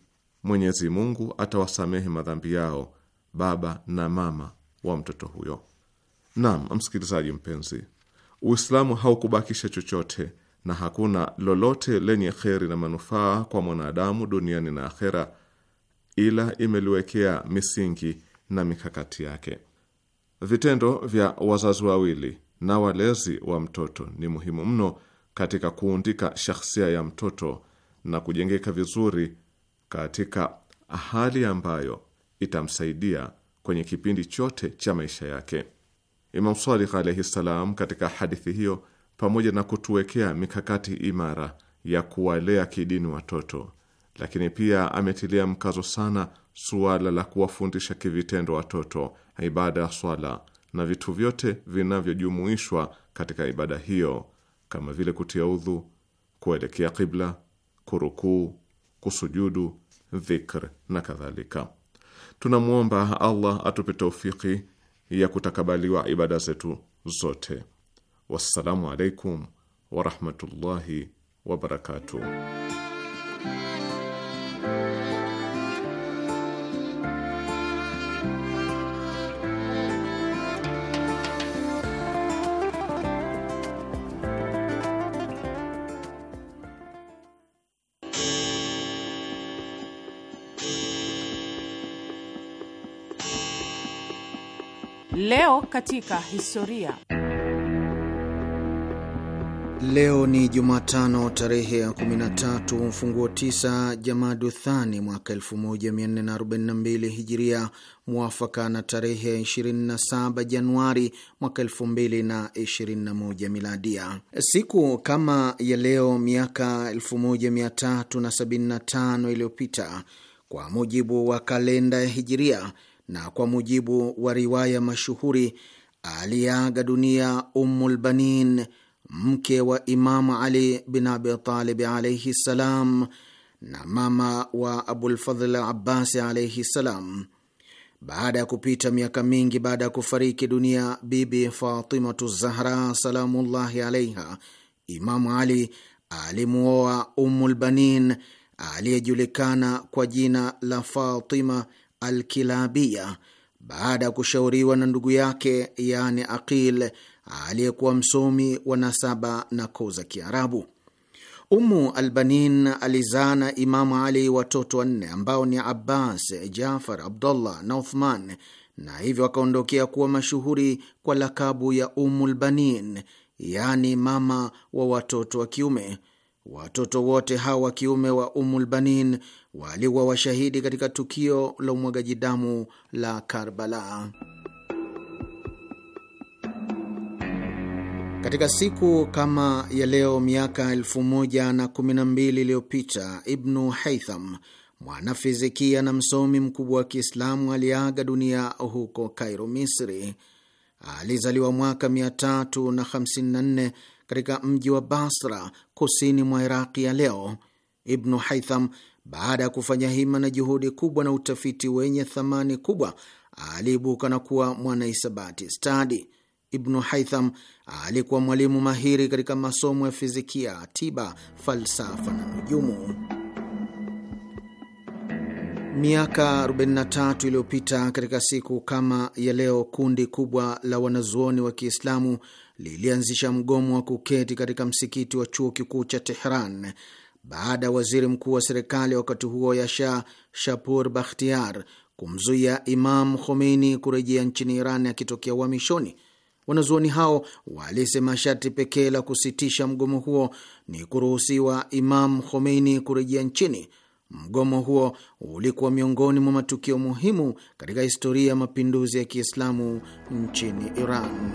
[SPEAKER 1] Mwenyezi Mungu atawasamehe madhambi yao baba na mama wa mtoto huyo. Naam, msikilizaji mpenzi, Uislamu haukubakisha chochote na hakuna lolote lenye kheri na manufaa kwa mwanadamu duniani na akhera, ila imeliwekea misingi na mikakati yake. Vitendo vya wazazi wawili na walezi wa mtoto ni muhimu mno katika kuundika shakhsia ya mtoto na kujengeka vizuri katika hali ambayo itamsaidia kwenye kipindi chote cha maisha yake. Imam Salih alaihi salam, katika hadithi hiyo, pamoja na kutuwekea mikakati imara ya kuwalea kidini watoto, lakini pia ametilia mkazo sana suala la kuwafundisha kivitendo watoto ibada ya swala na vitu vyote vinavyojumuishwa katika ibada hiyo kama vile kutia udhu, kuelekea kibla, kurukuu, kusujudu, dhikr na kadhalika. Tunamwomba Allah atupe taufiki ya kutakabaliwa ibada zetu zote. Wassalamu alaikum warahmatullahi wabarakatuh.
[SPEAKER 2] Leo katika historia.
[SPEAKER 5] Leo ni Jumatano tarehe ya 13 mfunguo 9 Thani mwaka 1442 Hijiria, mwafaka na tarehe ya 27 Januari mwaka 2021 Miladia. Siku kama ya leo miaka 1375 iliyopita kwa mujibu wa kalenda ya Hijiria na kwa mujibu wa riwaya mashuhuri aliaga dunia Ummulbanin, mke wa Imamu Ali bin Abitalib alaihi ssalam, na mama wa Abulfadhl Abbasi alaihi ssalam. Baada ya kupita miaka mingi baada ya kufariki dunia Bibi Fatimatu Zahra salamullahi alaiha, Imamu Ali alimuoa Ummulbanin aliyejulikana kwa jina la Fatima Alkilabia baada ya kushauriwa na ndugu yake yani Aqil aliyekuwa msomi wa nasaba na koo za Kiarabu. Umu Albanin alizaa na Imamu Ali watoto wanne ambao ni Abbas, Jafar, Abdullah na Uthman, na hivyo akaondokea kuwa mashuhuri kwa lakabu ya Umulbanin, yani mama wa watoto wa kiume. Watoto wote hawa wa kiume wa Umulbanin waliwa washahidi katika tukio la umwagaji damu la Karbala. Katika siku kama ya leo miaka elfu moja na kumi na mbili iliyopita Ibnu Haitham, mwanafizikia na msomi mkubwa wa Kiislamu, aliaga dunia huko Kairo, Misri. Alizaliwa mwaka 354 katika mji wa Basra, kusini mwa Iraqi ya leo. Ibnu Haitham baada ya kufanya hima na juhudi kubwa na utafiti wenye thamani kubwa, aliibuka na kuwa mwanahisabati stadi. Ibnu Haitham alikuwa mwalimu mahiri katika masomo ya fizikia, tiba, falsafa na nujumu. Miaka 43 iliyopita katika siku kama ya leo, kundi kubwa la wanazuoni wa Kiislamu lilianzisha mgomo wa kuketi katika msikiti wa chuo kikuu cha Tehran baada ya waziri mkuu wa serikali wakati huo ya Shah Shapur Bakhtiar kumzuia Imam Khomeini kurejea nchini Iran akitokea uhamishoni. Wanazuoni hao walisema sharti pekee la kusitisha mgomo huo ni kuruhusiwa Imam Khomeini kurejea nchini. Mgomo huo ulikuwa miongoni mwa matukio muhimu katika historia ya mapinduzi ya Kiislamu nchini Iran.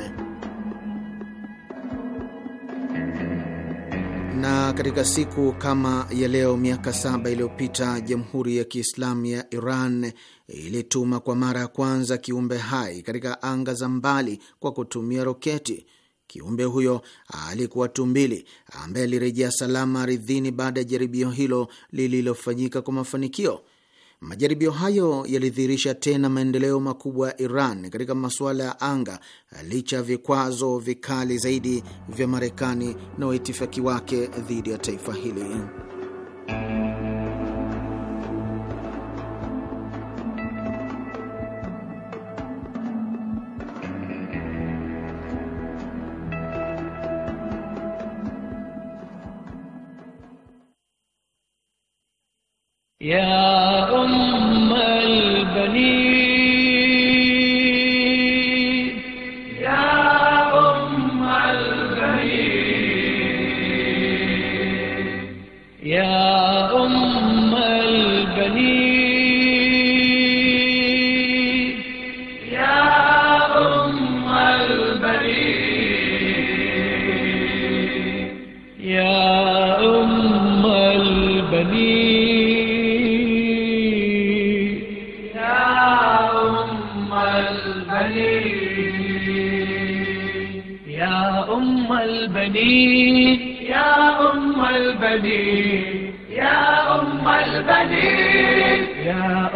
[SPEAKER 5] Na katika siku kama ya leo miaka saba iliyopita Jamhuri ya Kiislamu ya Iran ilituma kwa mara ya kwanza kiumbe hai katika anga za mbali kwa kutumia roketi. Kiumbe huyo alikuwa tumbili ambaye alirejea salama ardhini baada ya jaribio hilo lililofanyika kwa mafanikio. Majaribio hayo yalidhihirisha tena maendeleo makubwa ya Iran katika masuala ya anga licha ya vikwazo vikali zaidi vya Marekani na waitifaki wake dhidi ya taifa hili.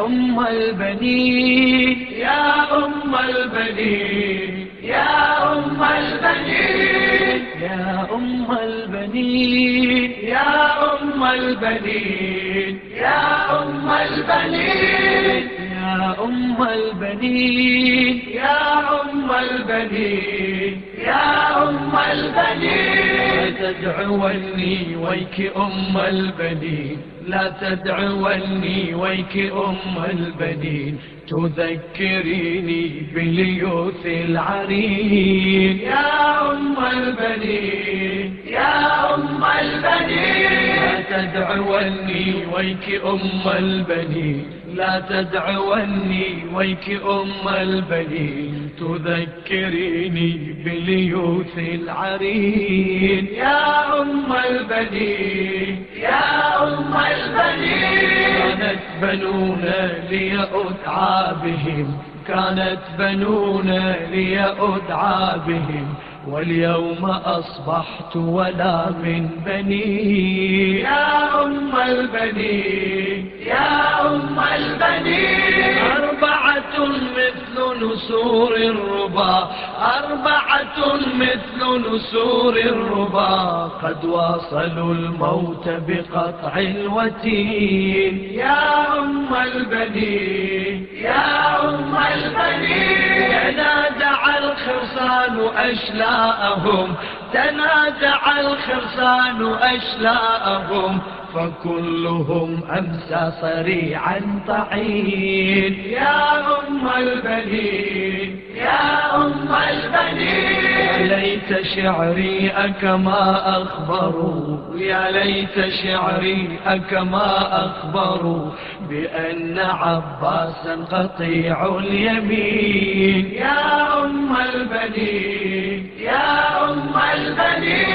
[SPEAKER 6] أم البنين يا أم البنين يا أم البنين يا أم البنين يا أم البنين يا أم البنين يا أم البنين تدعوني ويك أم البنين لا تدعوني ويك أم البنين تذكريني بليوث العرين يا أم البنين يا أم البنين لا تدعوني ويك أم البنين لا تدعوني ويك أم البنين تذكريني بليوث العرين يا أم البنين يا أم البنين كانت بنونا لي أدعى بهم كانت بنونا لي أدعى بهم واليوم أصبحت ولا من بني يا أم البني يا أم البني أربعة مثل نسور الربا أربعة مثل نسور الربا قد واصلوا الموت بقطع الوتين يا أم البني يا أم البني نادع الخرسان أشلاء أبناءهم تنازع الخرسان أشلاءهم فكلهم أمسى صريعا طعين يا أم البنين يا أم البنين يا ليت شعري أكما أخبروا يا ليت شعري أكما أخبروا بأن عباسا قطيع اليمين يا أم البنين يا أم البنين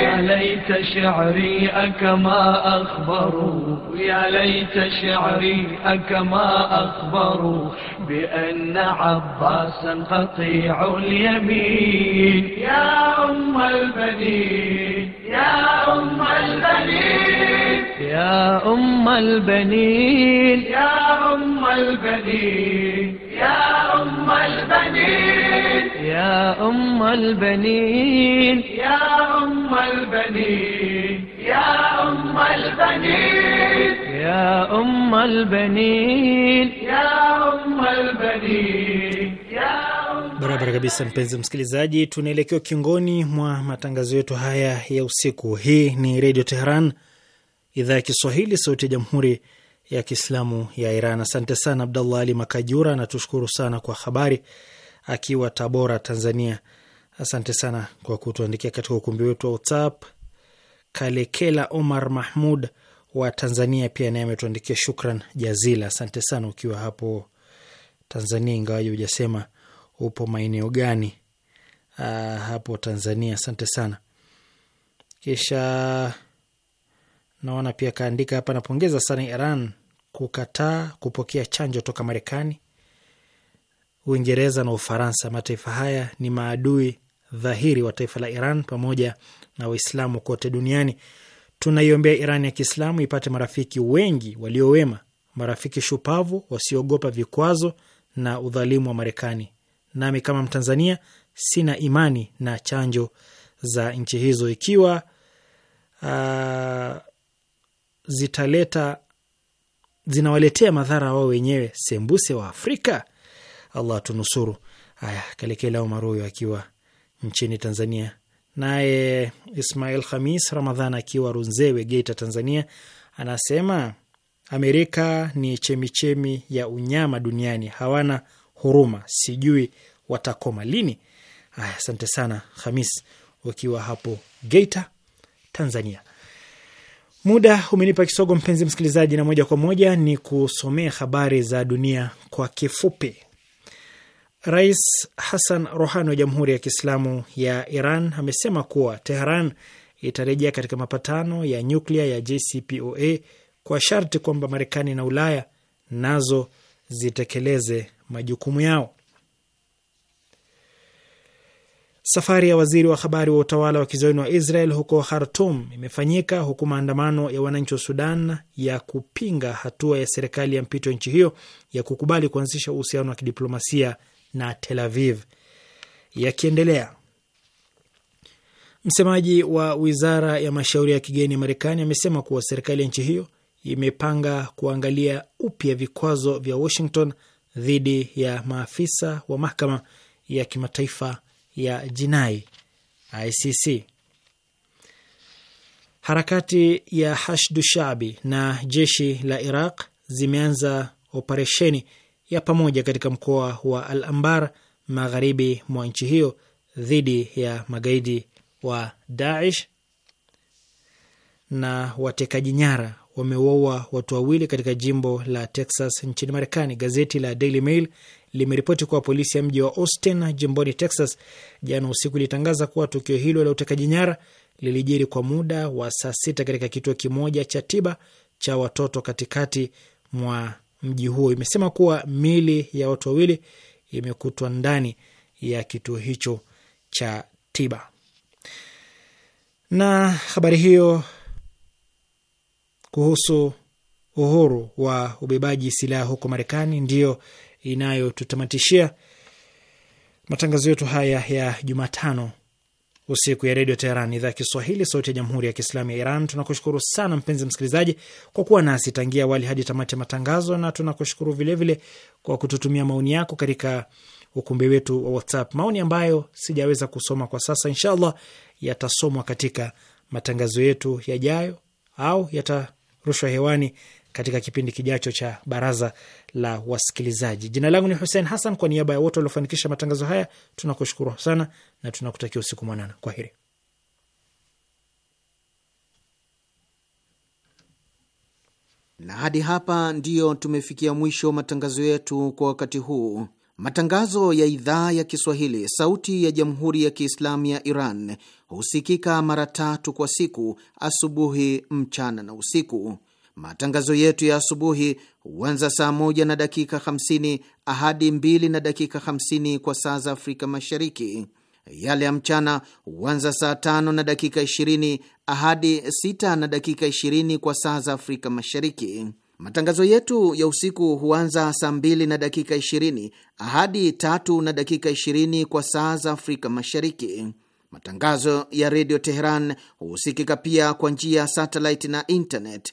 [SPEAKER 6] يا ليت شعري أكما أخبر يا ليت شعري أكما أخبر بأن عباسا قطيع اليمين يا أم البنين يا أم البنين يا أم البنين يا أم البنين يا أم البنين يا أم البنين يا أم البنين يا أم البنين يا أم البنين يا أم البنين يا
[SPEAKER 3] Barabara kabisa, mpenzi msikilizaji, tunaelekea kiongoni mwa matangazo yetu haya ya usiku. Hii ni Redio Teheran, idhaa ya Kiswahili, sauti ya Jamhuri ya Kiislamu ya Iran. Asante sana Abdallah Ali Makajura, anatushukuru sana kwa habari akiwa Tabora, Tanzania. Asante sana kwa kutuandikia katika ukumbi wetu wa WhatsApp. Kalekela Omar Mahmud wa Tanzania pia naye ametuandikia, shukran jazila. Asante sana ukiwa hapo Tanzania, ingawaji hujasema upo maeneo gani ah, hapo Tanzania. Asante sana. Kisha Naona pia kaandika hapa, napongeza sana Iran kukataa kupokea chanjo toka Marekani, Uingereza na Ufaransa. Mataifa haya ni maadui dhahiri wa taifa la Iran pamoja na Waislamu kote duniani. Tunaiombea Iran ya Kiislamu ipate marafiki wengi waliowema, marafiki shupavu wasiogopa vikwazo na udhalimu wa Marekani. Nami kama Mtanzania sina imani na chanjo za nchi hizo. Ikiwa uh, zitaleta zinawaletea madhara wao wenyewe sembuse wa Afrika. Allah tunusuru. Haya, Kalekelao Maruyo akiwa nchini Tanzania, naye Ismail Khamis Ramadhan akiwa Runzewe, Geita, Tanzania, anasema Amerika ni chemichemi ya unyama duniani, hawana huruma, sijui watakoma lini. Haya, asante sana Khamis ukiwa hapo Geita, Tanzania. Muda umenipa kisogo, mpenzi msikilizaji, na moja kwa moja ni kusomea habari za dunia kwa kifupi. Rais Hassan Rohani wa Jamhuri ya Kiislamu ya Iran amesema kuwa Teheran itarejea katika mapatano ya nyuklia ya JCPOA kwa sharti kwamba Marekani na Ulaya nazo zitekeleze majukumu yao. Safari ya waziri wa habari wa utawala wa kizayuni wa Israel huko Khartum imefanyika huku maandamano ya wananchi wa Sudan ya kupinga hatua ya serikali ya mpito ya nchi hiyo ya kukubali kuanzisha uhusiano wa kidiplomasia na Tel Aviv yakiendelea. Msemaji wa wizara ya mashauri ya kigeni ya Marekani amesema kuwa serikali ya nchi hiyo imepanga kuangalia upya vikwazo vya Washington dhidi ya maafisa wa mahakama ya kimataifa ya jinai ICC. Harakati ya Hashdu Shabi na jeshi la Iraq zimeanza operesheni ya pamoja katika mkoa wa Al Ambar magharibi mwa nchi hiyo dhidi ya magaidi wa Daesh na watekaji nyara wamewaua watu wawili katika jimbo la Texas nchini Marekani. Gazeti la Daily Mail limeripoti kuwa polisi ya mji wa Austin jimboni Texas jana usiku ilitangaza kuwa tukio hilo la utekaji nyara lilijiri kwa muda wa saa sita katika kituo kimoja cha tiba cha watoto katikati mwa mji huo. Imesema kuwa mili ya watu wawili imekutwa ndani ya kituo hicho cha tiba. Na habari hiyo kuhusu uhuru wa ubebaji silaha huko Marekani ndiyo inayotutamatishia matangazo yetu haya ya Jumatano usiku ya Redio Teheran, idhaa ya Kiswahili, sauti ya Jamhuri ya Kiislamu ya Iran. Tunakushukuru sana mpenzi msikilizaji kwa kuwa nasi tangia awali hadi tamati ya matangazo, na tunakushukuru vilevile kwa kututumia maoni yako katika ukumbi wetu wa WhatsApp, maoni ambayo sijaweza kusoma kwa sasa. Inshallah yatasomwa katika matangazo yetu yajayo au yatarushwa hewani katika kipindi kijacho cha baraza la wasikilizaji. Jina langu ni Hussein Hassan, kwa niaba ya wote waliofanikisha matangazo haya tunakushukuru sana na tunakutakia usiku mwanana. heri.
[SPEAKER 5] Na hadi hapa ndiyo tumefikia mwisho matangazo yetu kwa wakati huu. Matangazo ya idhaa ya Kiswahili, sauti ya jamhuri ya kiislamu ya Iran husikika mara tatu kwa siku: asubuhi, mchana na usiku. Matangazo yetu ya asubuhi huanza saa moja na dakika 50 ahadi 2 na dakika 50 kwa saa za Afrika Mashariki. Yale ya mchana huanza saa tano na dakika 20 ahadi sita na dakika 20 kwa saa za Afrika Mashariki. Matangazo yetu ya usiku huanza saa mbili na dakika 20 ahadi tatu na dakika 20 kwa saa za Afrika Mashariki. Matangazo ya Redio Teheran husikika pia kwa njia ya satellite na internet.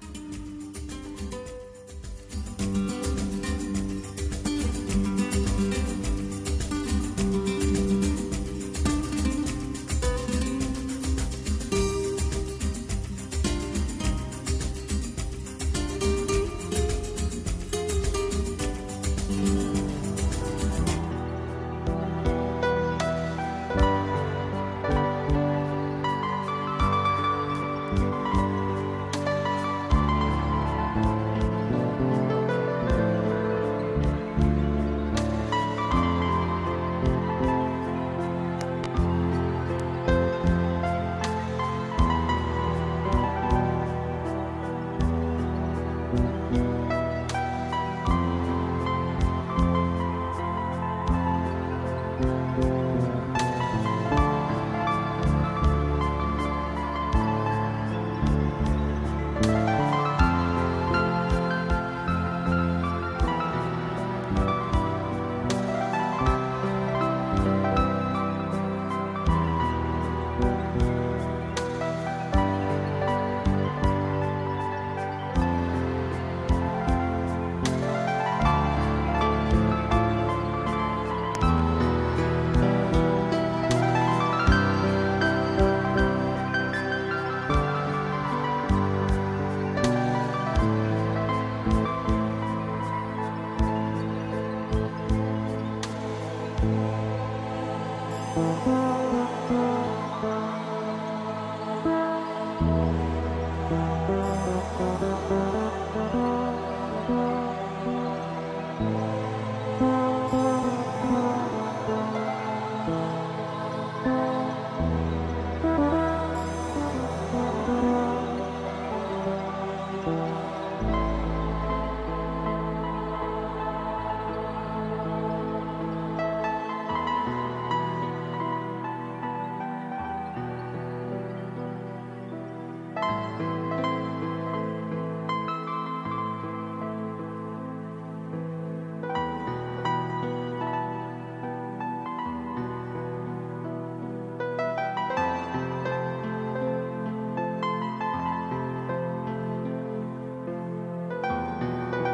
[SPEAKER 5] Thank you.